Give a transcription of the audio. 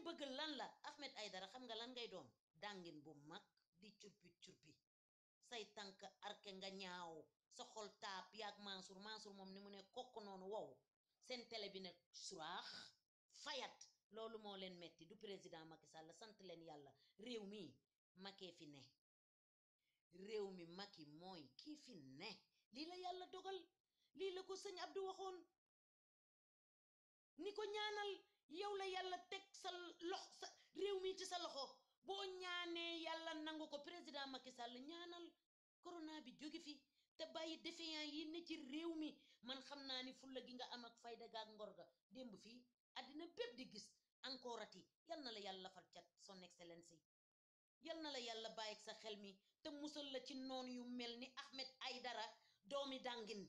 lañ bëgg lan la Ahmed Aidara xam nga lan ngay doon dàngin bu mag di curpi curpi say tànk arke nga ñaaw sa xol taab yaag Mansour Mansour moom ni mu ne kokk noonu wow seen télé bi ne suraax fayat loolu moo leen metti du président Macky Sall sant leen yàlla réew mi Macky fi ne réew mi Macky mooy kii fi ne lii la yàlla dogal lii la ko sëñ Abdou waxoon ni ko ñaanal yow la yàlla teg sa lox réew mi ci sa loxo boo ñaanee yàlla nangu ko président Macky Sall ñaanal corona bi jóge fi te bàyyi défiant yi ne ci réew mi man xam naa ni fulla gi nga am ak fayda gaag ngor ga démb fii àddina bépp di gis encore ati yal na la yàlla cat son excellence yi yal na yàlla bàyyi sa xel mi te musal la ci noon yu mel ni ay dara doomi dangin